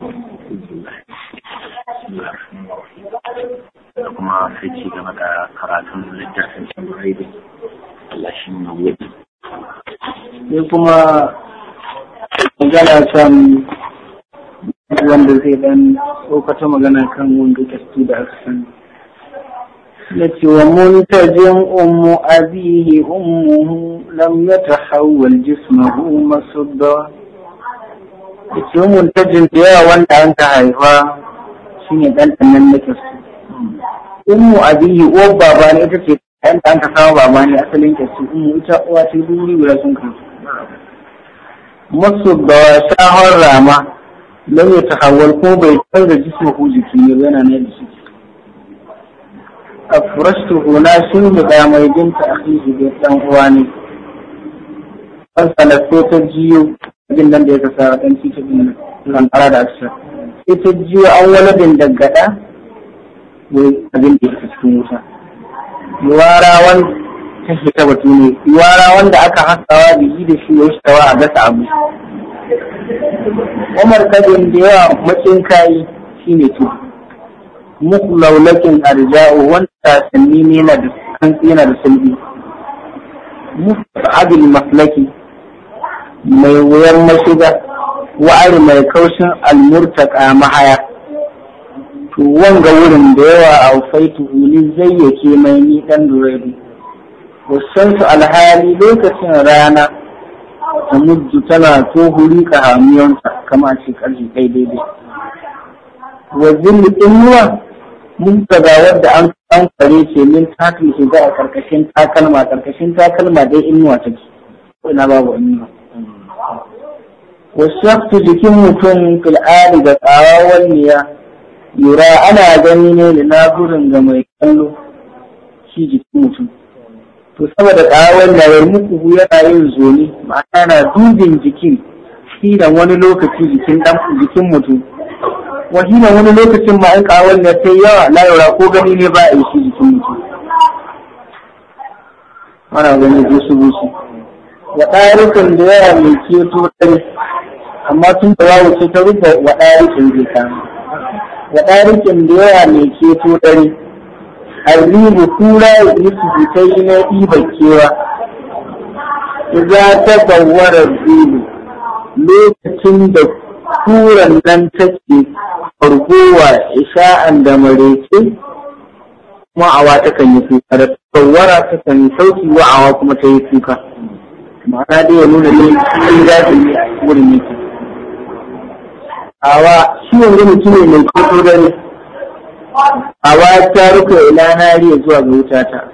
da kuma sai ci gaba da karatun littafin samurai da Allah shi ne wuɗi. Sai kuma magana kan wanda zai dan ɗaukata magana kan wanda gaske da aka sani. Na ce wa muntajin ummu abihi ummuhu lam yatahawwal jismahu masudda ta jin da yawa wanda an ka haifa shi ne ɗan ɗannan na kirsu. Ummu abiyi uwar baba ne ita ce ɗan da an ka kawo baba ne asalin kirsu umu ita uwa ce duri guda sun kai. Masu da shahon rama lam ya tahawwal ko bai canza ko jiki ne ba yana nan jiki. Afrastuhu na ne da mai jinta a cikin da ɗan uwa ne. ko ta jiyo abin nan da ya kasa ɗan cikin ɗin kankara da asa shi ta jiyo an bin daggada ne abin da ya kasa cikin wuta yuwarawan ta fita batu ne yuwarawan da aka hasawa da yi da shi ya shitawa a gasa abu umar kadin da yawa makin kayi shi ne tu muku laulakin arja'u wanda sanni ne yana da sulbi muku abin maslaki mai wuyan mashiga wa'ar mai kaushin almurtaka mahaya to wanga wurin da yawa a faitu uli zai yake mai ni dan duredi wasansu alhali lokacin rana ta mujju tana to huri ka hamiyonta kama shi karfi kai daidai mutum inuwa mun ga wadda an an kare ce min takin shiga a karkashin takalma karkashin takalma dai inuwa take ina babu inuwa wasaftu jikin mutum fil'ali da tsawawar niya yura ana gani ne da nagurin ga mai kallo shi jikin mutum to saboda tsawawar niya yar muku yana yin zoni ma'ana na dubin jikin hinan wani lokaci jikin jikin mutum wa hinan wani lokacin ma in tsawawar niya sai yawa la yura ko gani ne ba a yi shi jikin mutum ana gani busu busu wa ɗarikan da yawa mai keto ɗari amma tun da yawo sai ta rufe wa ɗarikin jika wa ɗarikin da yawa mai ceto dare arribu kura ya yi su jikai na iba kewa za ta bawara zulu lokacin da kuran nan take fargowa isha'an da mareke kuma awa takan yi kuka da tsawara takan yi sauki awa kuma ta yi kuka ma'ana dai ya nuna ne yi zafi wurin yake awa shi yanzu mutum ne mai koto gani awa ta rufe ila riya zuwa ga wutata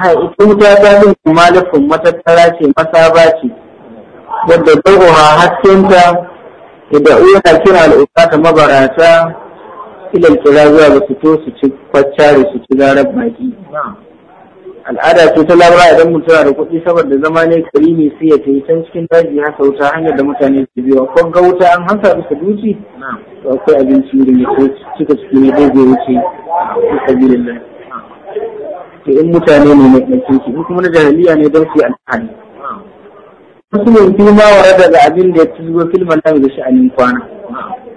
hai ita ta din kuma lafin matattara ce masaba ce wadda tsohuwa haskenta da uwa kira al'uka ta mabarata ilal kira zuwa ga fito su ci kwacciyar su ci zarar baki al'ada ce ta labara idan mutum da kuɗi saboda zama ne ne sai ya tafi can cikin daji hasa wuta hanyar da mutane su biyo ko ga wuta an hansa bisa duci to akwai abinci da ya cika ciki ne zai wuce ko kabilin nan to in mutane ne na kinki ko kuma na jahiliya ne don su yi alhani wasu ne fi ma wa daga abin da ya ci zuwa filman nan da sha'anin kwana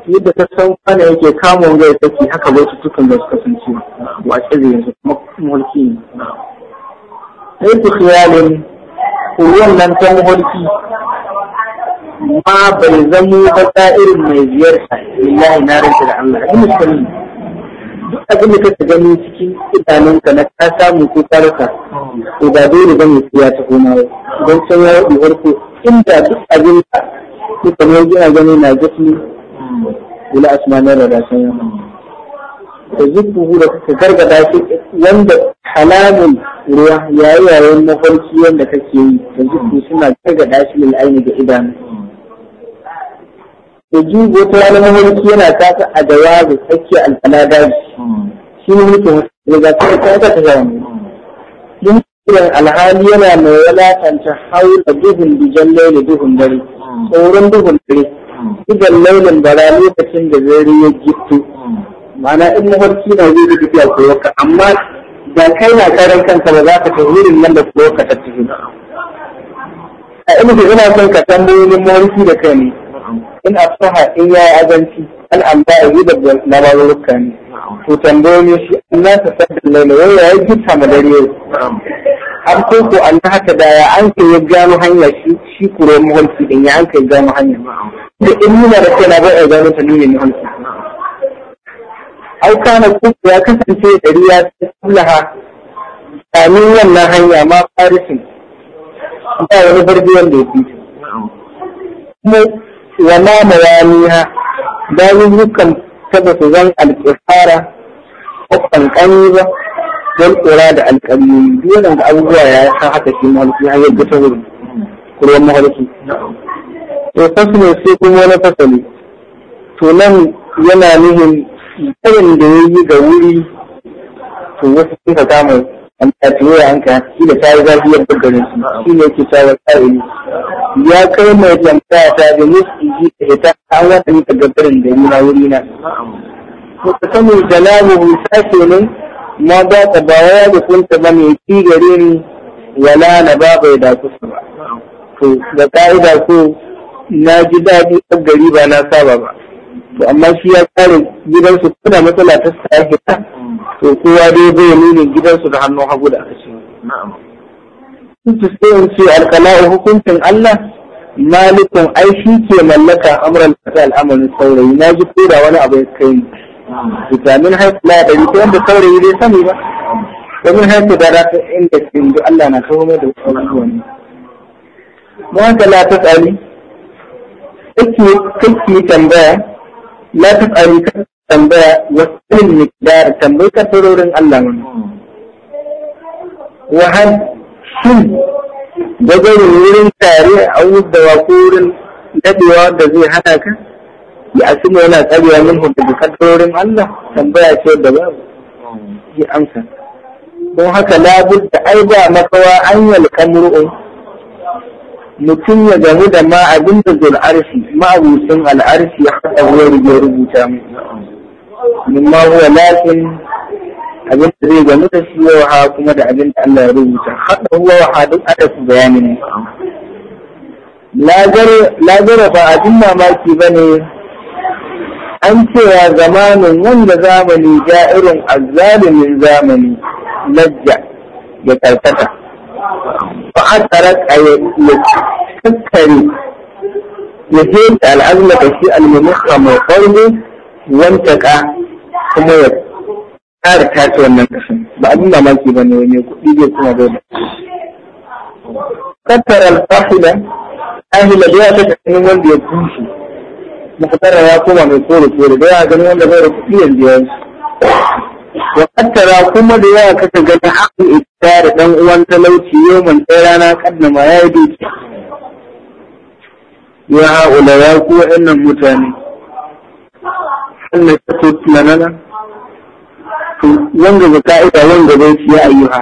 yadda ta san kwana yake kamun zai saki haka bai tukan da su kasance wa a yanzu kuma mulki ne ليس خيال wannan ta mafarki ma bai zamo ba ta irin mai ziyarta lillahi na rinta da Allah abin musulmi duk abin da kake gani cikin idanunka na ka samu ko ka rasa to ba dole ba ne ya ta koma don can ya rubi farko inda duk abin ka ko kamar gina gani na gafi wala asmanar da rasan yamma تجده لك تزرق باشي وانده حلام الروح يا يا يا المفلسي وانده تكيوي تجده سنة تزرق باشي للعين جئبان تجيب وطلال المفلسي انا تاسع ادواب تكي البلاداج شنو ميته لذاتي تاسع تزرق العالية ما ولا تنتحول دهن بجلل دهن دري صورا دهن دري إذا الليل انبرالي تسند ذري يجبتو ma'ana in mafarki na zai tafiya koyarka amma da kai na karan kanka ba za ka ta wurin nan da koyarka ta tafi a ina da ina son ka san bayanin mafarki da kai ne in asaha in ya yi azanci an amba a yi da labarurruka ne to tambayoyi shi an na ta sadda laila wai ya yi gita ma dare yau an ko ko an haka da ya an ka ya gano hanya shi shi kuro mafarki din ya an ka ya gano hanya da in nuna da kai na bai a gano ta nuna mafarki au kana kuka ya kasance gari ya kullaha kamin wannan hanya ma farisin ba wani farji wanda ya fi kuma wa ma mayaniha bayan dukkan taba su zan alƙifara ko kankani ba don tsora da alƙaliyoyi duk wannan abubuwa ya san haka shi mahalci hanyar da ta wuri kurwan mahalci to fasu ne sai kuma wani fasali to nan yana nuhin tsarin da ya yi ga wuri to wasu sun ka samu an ta tuwo hanka shi da ta yi zafi yadda garin su shi ne ke cewa yi. ya kai mai tambaya ta da nufi ji da ta, an wata ni ga garin da na wuri na. Mutakamin jalabu sake ne ma ba ta ba ya da sun ba mai ci gare ni wala na ba bai da kusa ba. To da ka'ida ko na ji daɗi a gari ba na saba ba. to amma shi ya kare gidansu kuna matsala ta ta, to kowa dai zai nuna gidansu da hannun hagu da ƙarshe sun ci tsayin ce alkala'u hukuncin Allah malikun ai shi ke mallaka amuran ta al'amarin saurayi na ji ko da wani abu ya kai ni vitamin haifula da ta yadda saurayi zai sani ba domin haifu da rata inda inda Allah na kawo mai da wasu wani mu haka la ta tsari kake tambaya la ta tsari kan tambaya wasu ne da tambayi kasarorin Allah mana. Wahal shin wajen wurin tare a wuddawa ko wurin dadewa da zai hana ka? Ya asima yana tsarewa min daga kasarorin Allah tambaya ce da babu. Ji amsa. Don haka labud da ai ba makawa an yalka mur'un mutum ya gamu da ma abin da zul arshi ma'abucin al'arshi ya haɗa wurin ya rubuta mu min ma huwa lakin abin da zai gamu da shi wa ha kuma da abin da Allah ya rubuta haɗa huwa wa ha duk ada su bayanin lagara ba abin mamaki ba ne an cewa zamanin wanda zamani ja irin azzalimin zamani lajja ya karkata تعثرت أي تكتري يهيج العزم في المنخة مقرب وانتكا kuma ya ƙara tace wannan ƙashin ba abin mamaki ba ne wani kuɗi zai kuma dole. Kattar alfahila, ahila da ya taɓa ganin wanda ya bushe, muhtara ya koma mai kore kore da ya ganin wanda bai da kuɗi yanzu ya wakantara kuma da yawa kaka gani haƙin ita da ɗan uwan talauci yau man ɗaya rana ma ya yi doki ya haƙula ya ku wa'annan mutane Allah ta to tunanana to wanga ba ita wanga bai ci ya ayyuha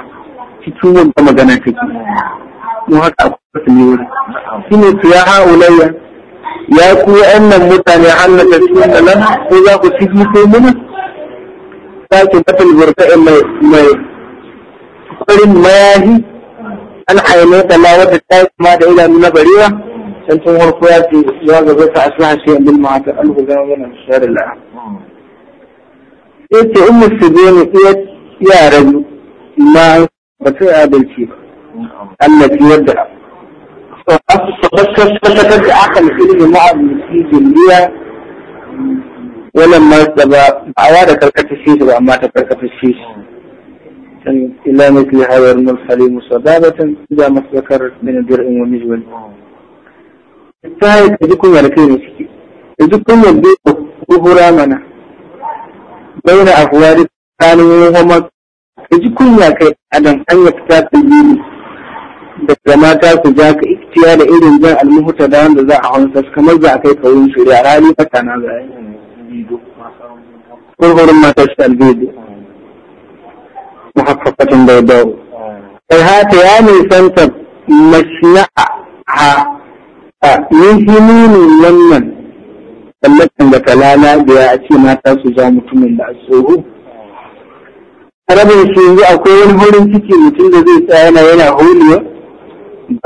cikin wanda magana take mu haka akwai su yi wuri shine to ya haƙula ya ku wa'annan mutane Allah ta tunanana ko za ku ci ko mun sake batul burka'in mai mai farin mayahi an haine ta la wadda ta yi kuma da idanu na barewa can tun harko ya ce ya gaba ta asila shi yanzu ma haka alhuza wani shari'a la'a. Ya ce in musulmi ne iya yara ma ba su adalci ba. Allah ki yadda. Sabakar sakatar da aka nufi da ma'abinci jimbiya wannan masa ba awa da karkata shi ba amma ta karkata shi إلى مثل هذا المنحل صبابة إذا ما ذكرت من درع ومجول الثالث يجيكم على كل مسكي يجيكم البيت وهرامنا بين أخواري كانوا وهم يجيكم يا كي أدم أن يكتاب الدين daga mata ku ja ka iktiya da irin jan almuhuta da wanda za a hansas kamar za a kai kawun shuri a rani fata na za a yi قل ما تشفى Sai محققة ya فهات santa mashina'a? سنت مشنعها من tallafin da kalala da ya ce mata su za mutumin da tsoro. Rabin shi yanzu akwai wani horin ciki mutum da zai tsaya yana yana holiya,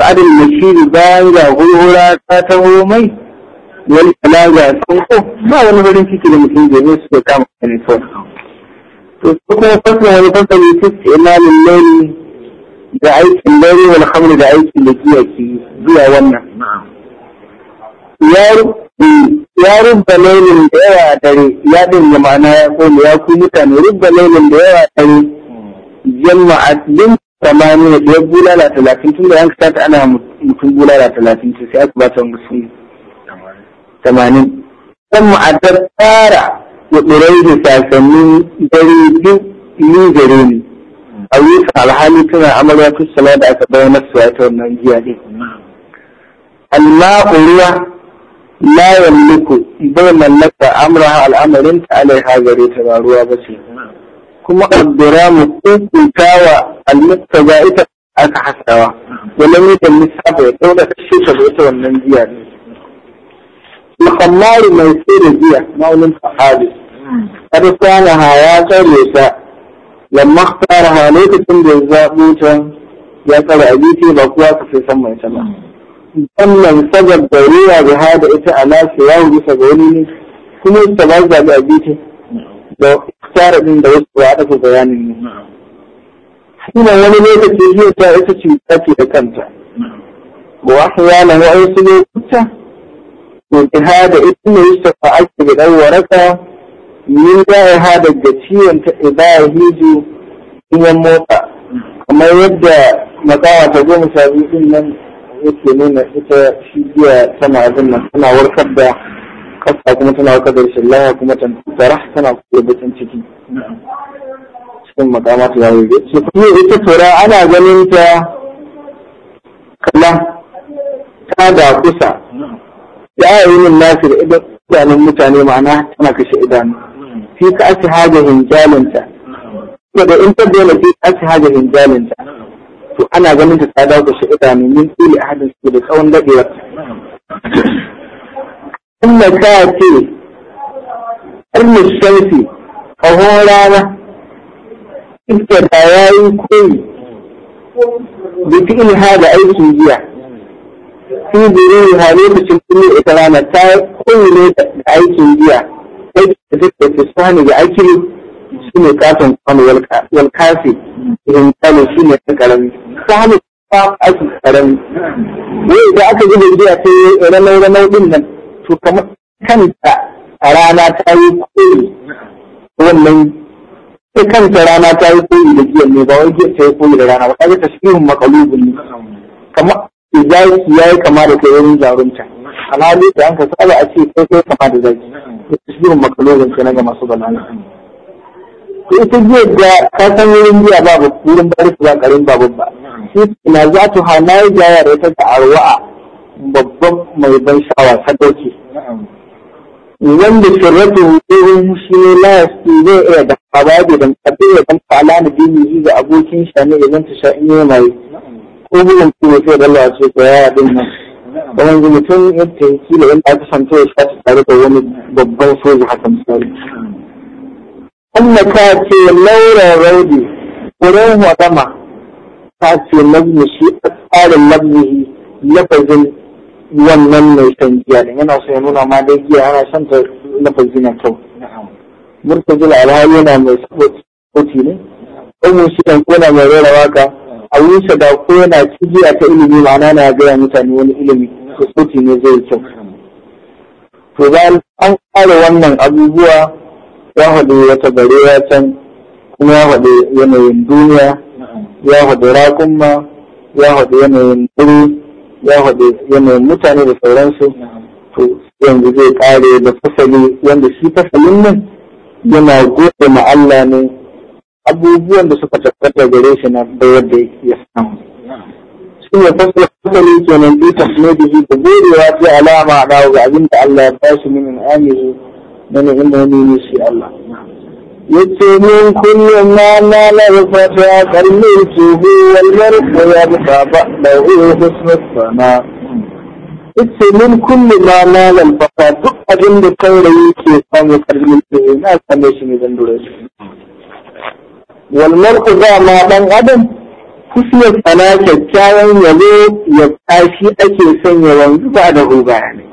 ba'adin mashiri bayan ga hurhura ta ta mai, wani plaza ko ba wani wurin ciki da mutum zai zo kama telefon to su kuma fasa wani fasa ne su ce imanin laili da aikin laili wani hamdu da aikin da giya ke zuwa wannan ya rubba launin da yawa dare ya ɗin da ma'ana ya kone ya ku mutane rubba launin da yawa dare jama'a din samaniya da ya bulala talatin tun da yanka ta ana mutum bulala talatin sai aka ba ta musulmi 80 kan mu'addar tara ya ɗurai da sasannin dare duk ni gare ni a wuce alhali tana amarya tussala da aka bayar masu ya ta wannan jiya ne alma'u ruwa la yamliku bai mallaka amraha al'amarin ta alaiha gare ta ba ruwa ba ce kuma kaddara mu kukuntawa almustaza ita aka hasawa wala mai da lissafa ya ɗaura kashe ta da ita wannan jiya ne mai الخمار من سير بيه مولى الصحابي قد كانها يا قريسة لما ya tsara a الزابوتا ba, kuwa ka fi san mai sana. sannan sabar da ruwa da da ita a lafi yawon bisa ga wani ne kuma ita ba zaɓi a abita da tsara ɗin da wasu ya ɗaga bayanin ne wani lokaci zai ita ce da kanta ba wasu su ne وانتهاد ابن يوسف أكتب دورك من جاء هذا الجسير إذا هيجي إلى الموقع وما يبدأ مقاوة تقوم سابقين من يتلمين إتا شيئا سمع ذنة سمع وركبة قصة كما تنع وقدر الله كما تنترح سمع قلبة تنتكي cikin makamata ya yi su kuma ita tura ana ganin ta kala ta da kusa يعين الناس الإبر يعني المتاني معناه في شيء إداني في كأس هذا هنجال انت وده انت دولة في كأس هذا هنجال انت وأنا قمت تتعداو شيء إداني من كل أحد السبيل أو ندقي ثم كاتي علم الشمس فهو لانا انت دعائي كوي بفئل هذا أي سنجيه fi zuri ha lokacin kullum ita rana ta kullum da aikin giya aiki da take fisani da aiki shi ne katon kwano wal kafi irin kwano shi ne ta karami ta hannu ta aiki karami wai da aka gina giya ta yi ranau ranau din nan to kamar kanta a rana ta yi koyi wannan ta kanta rana ta yi koyi da giyan ne ba wai giyan ta yi koyi da rana ba kaga tashbihun makalubun ne kamar zaki ya yi kama da kai wani jarumta alhali da an kasa saba a ce sai kai kama da zaki to shirin makalolin na ga masu banana to ita ji da ka san wurin biya babu wurin bari su ba karin babu ba shi na za ta hana ya jaya da ita ta arwa'a babban mai ban sha'awa ta dauke wanda shirratu wurin shi ne layasti zai iya da hawa da dan kabe ya dan fa'ala da dini zuwa abokin shanu da zan ta sha'in mai ko bulan kuma sai da Allah ce ko ya din nan wani mutum yadda ya kila yadda aka santa ya shafi tare da wani babban soja haka misali Amma ta ce laura raudi wurin wadama ta ce nazmi shi a tsarin nazmihi lafazin wannan mai san giya din yana so ya nuna ma dai giya ana son ta lafazi na kyau murtajil alhali yana mai saboda ne ɗan shi ɗan kona mai rera waka a wuce da ko yana cibiya ta ilimi ma'ana na gaya mutane wani ilimi hukuti ne zai kyau to za an fara wannan abubuwa ya haɗu wata gare ya can kuma ya haɗu yanayin duniya ya haɗu rakunma, ya haɗu yanayin wuri ya haɗu yanayin mutane da sauransu to yanzu zai ƙare da fasali wanda shi fasalin nan yana gode ma Allah ne abubuwan da suka tabbata gare shi na bayar da ya samu shi ne fasali kenan bi tasmidihi da gorewa ta alama dawo ga abin da Allah ya bashi min amiru na inda wani ne shi Allah yace min kullum ma na la rufata kallin tuhu wal marfu ya buka ba da husnul sana ce min kullum ma na la rufata duk abin da kaurayi ke samu kallin tuhu na same shi ne zan dora shi والملك za ma ɗan adam kusur sana kyakkyawan yabo ya tashi ake sanya wanzu ba da ruba ne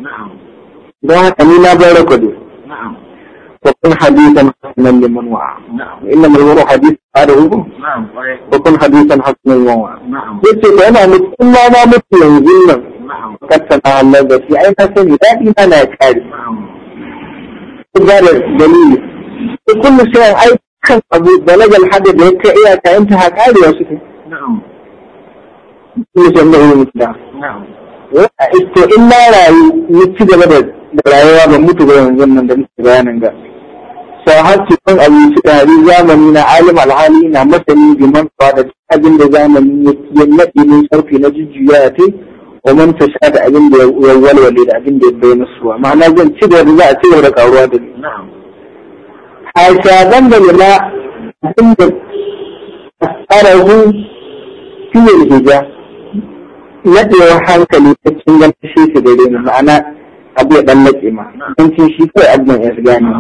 don haka ni na bar rakwado وكن حديثا حسنا لمن وعى انما المرء حديث قاله وكن حديثا حسنا لمن وعى yace da yana mutu kuma na mutu yanzu nan kasta na Allah da shi ai ka sani daɗi na na kare da dalili kullu shay'in ai dukkan abu balagal hadda da ya kai iyaka intaha karewa suke na'am mutum da ilimin da na'am to in na rayu ya ci gaba da rayuwa ban mutu ba yanzu nan da muke bayanin ga sau har ci kan abinci da hari zamani na alim alhali na masani biman fa da abin da zamani ya naɗe ne sarfi na jujjuya ya te wa man ta sha da abin da ya walwale da abin da ya bayyana suwa ma'ana zan ci gaba da za a ci gaba da karuwa da ni na'am هيتابن إلى ذنب أثره في الهجاء نبي وحان كلمة سنجل تشيك دليل معنى أبي أبلك إما أنت شيك أبنى إرجانه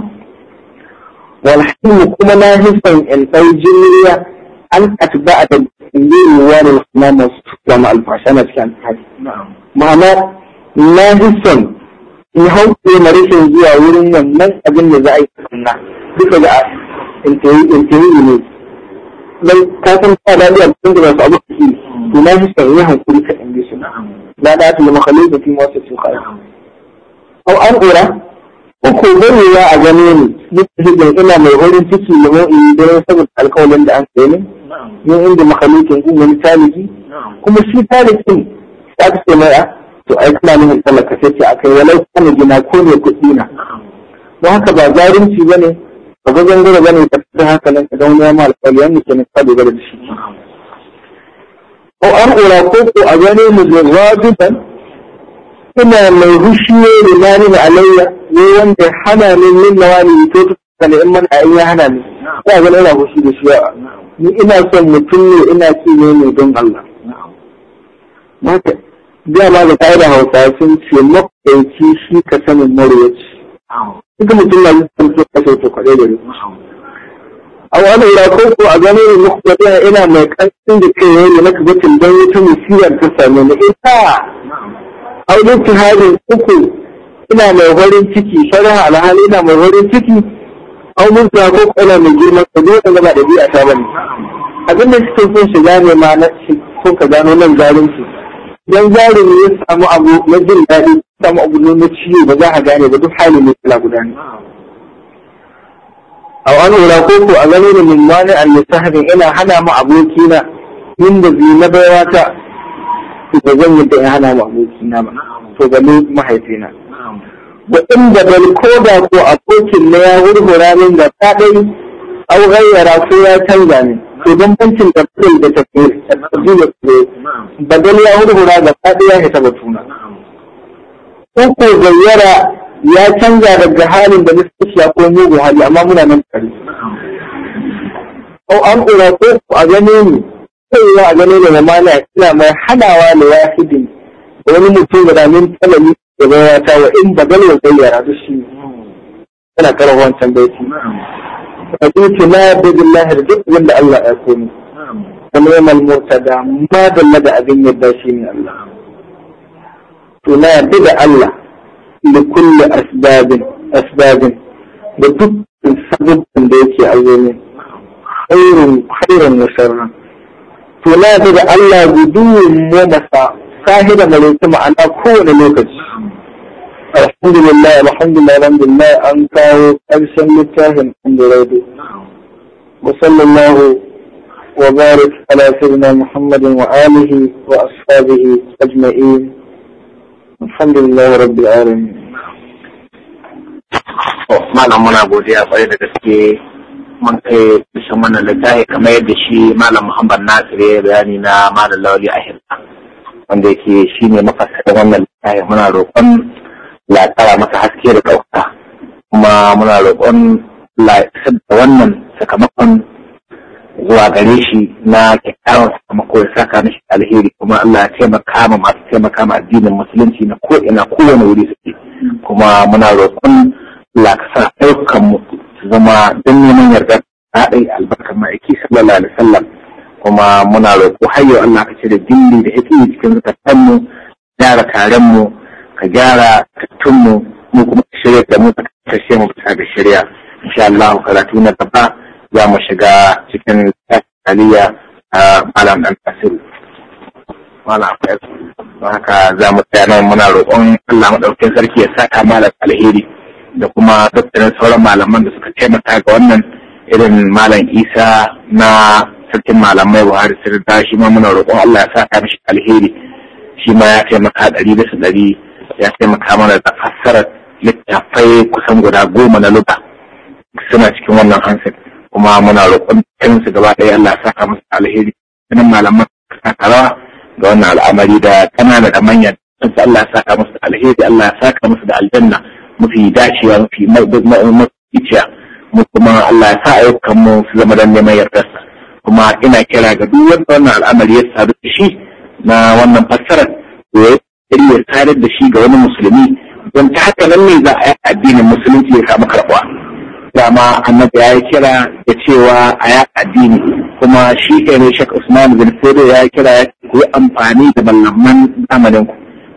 والحكيم كما ناهفا إن فيجنية أن أتبع تجنيه وان الخمام والسلام الفعشانة كانت نعم. حاجة معنى ناهفا in hau ke na rashin zuwa wurin wannan abin da za a yi sannan duka da intayi ne don ka san ba daɗi abin da ba su abu ke to na fi sarri hankuri ka ɗan bisu na da ta zama kalin da fi wasu su kare au an ƙura uku ganewa a gane ne. duka da ina mai horin ciki da mun yi don saboda alkawalin da an kai ne yin inda makalikin in wani taliki kuma shi talikin ta ka ce mai ah, to ai ne nuna tsallaka sai ce kai, walau kana gina ko ne kuɗi na don haka ba zarunci ba ne wajen gura gane karfi hankalin ka don wani alfali yanni ke nufa da gare da shi ko an ura ko ko a gane mu da rabitan ina mai hushiye da nani da alayya ne wanda hana ni min nawani to ta ne in man a in ya hana ni ko a gane ina hushi da shi ni ina son mutum ne ina ce ne ne don Allah mata biya ma da kaida hausa sun ce makwaici shi ka sanin marwaci duk mutum na nufin so kashe to kwaɗe da rufe a wani ko ko a gano da muku ina mai ƙarfin da kai yayi da naka gacin don wata musibar ta same ni ita aulin tihadin uku ina mai warin ciki shari'a alhali ina mai warin ciki A aulin ta ko ina mai girma, ka zo ka gaba da biya ta bane abin da suke son shiga ne ma na ko ka gano nan zalunci idan jarumi ya samu abu na jin daɗi ya samu abu na ciwo ba za a gane ba duk halin ne guda ne a wani wura ko ko a gano da min wani al haɗin, ina hana mu abokina min da zai na baiwa ta ba zan yadda in hana mu abokina ba to ga mahaifina in da bal ko da ko abokin na ya wurgura min da ta dai au gayyara ko ya canza min to bambancin tafsir da tafsir tafsir da ba badal ya hurhura ga faɗi ya hita batuna ko gayyara ya canza daga halin da shi ya ko mugu hali amma muna nan kare au an ƙura ko a gane ni sai a gane da zamana ina mai hanawa da ya wani mutum da ramin talami da bayata wa in ba zan gayyara da shi yana karawa wancan baiti رضيت ما بالله رضيت ولا الله أكون اليوم نعم. المرتدى ما بالله أبين يباشي من الله لا بد الله لكل أسباب أسباب بدك سبب بيك يا أولين خير خير وشر ولا بد الله بدون ومسا صاحب مليك معنا كون لوكس الحمد لله الحمد لله الحمد لله أنت أجسن متاهم الحمد لله وصلى الله وبارك على سيدنا محمد وآله وأصحابه أجمعين الحمد لله رب العالمين مالا منا بودي أفعي لكسكي من كي تسمنا لتاهي كما يدشي مالا محمد ناصر بياني نا مالا الله لأهل عندك شيني مقصد من لتاهي منا روكم ya tsara masa haske da ɗauka kuma muna roƙon la'isar da wannan sakamakon zuwa gare shi na kyakkyawan sakamako ya saka mishi alheri kuma Allah ya taimaka ma masu taimaka ma addinin musulunci na ko ina kowane wuri suke kuma muna roƙon lakasa ɗaukan mu su zama don neman yarda ɗaɗai albarkar ma'aiki sallallahu alaihi wasallam kuma muna roƙo har yau Allah ka cire gindi da hikimi cikin zukatan mu gyara karen mu ka gyara tunmu mu kuma shirya da mu kashe mu bisa ga shirya insha Allah karatu na gaba za mu shiga cikin taliya a malam dan tasiru malam haka za mu tsaya muna roƙon Allah madaukakin sarki ya saka malam alheri da kuma dukkanin sauran malaman da suka taimaka ga wannan irin malam Isa na sarkin malamai Buhari da shi ma muna roƙon Allah ya saka mishi alheri shi ma ya taimaka ɗari bisa ɗari ya taimaka mana da fassarar littafai kusan guda goma na luga suna cikin wannan hansin kuma muna roƙon su gaba ɗaya Allah saka musu alheri sanin malaman sakarawa ga wannan al'amari da ƙanana da manyan da Allah saka musu alheri Allah ka musu da aljanna mafi dacewa mafi maficiya mu kuma Allah ya sa ayyukan mu su zama don neman yardarsa kuma ina kira ga duk wanda wannan al'amari ya sadu shi na wannan fassarar ya tsarar da shi ga wani musulmi don ta haka nan ne za a yi addinin musulunci ya samu karɓuwa dama annabi ya yi kira da cewa a yi addini kuma shi ne shek usman bin fodo ya yi kira ya ku yi amfani da malaman zamanin ku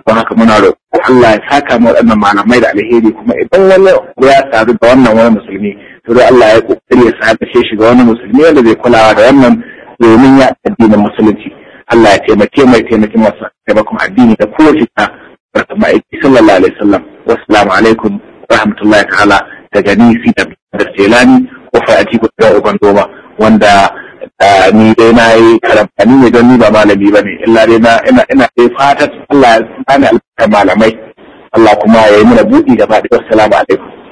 don haka muna roƙo Allah ya saka mu waɗannan malamai da alheri kuma idan wani ya sadu da wannan wani musulmi to dai Allah ya kokari ya sadashe shi ga wani musulmi wanda zai kulawa da wannan domin ya addinin musulunci Allah ya taimake mai taimake masa taimakon addini da kowace ta barka ma'aiki sallallahu alaihi wasallam wassalamu alaikum rahmatullahi ta'ala daga ni fi da Jelani ko fa'ati ko da uban doma wanda ni dai na yi ni ne don ni ba malami ba ne illa dai na ina ina dai fatan Allah ya bani albarkar malamai Allah kuma ya yi mana buɗi gaba da wassalamu alaikum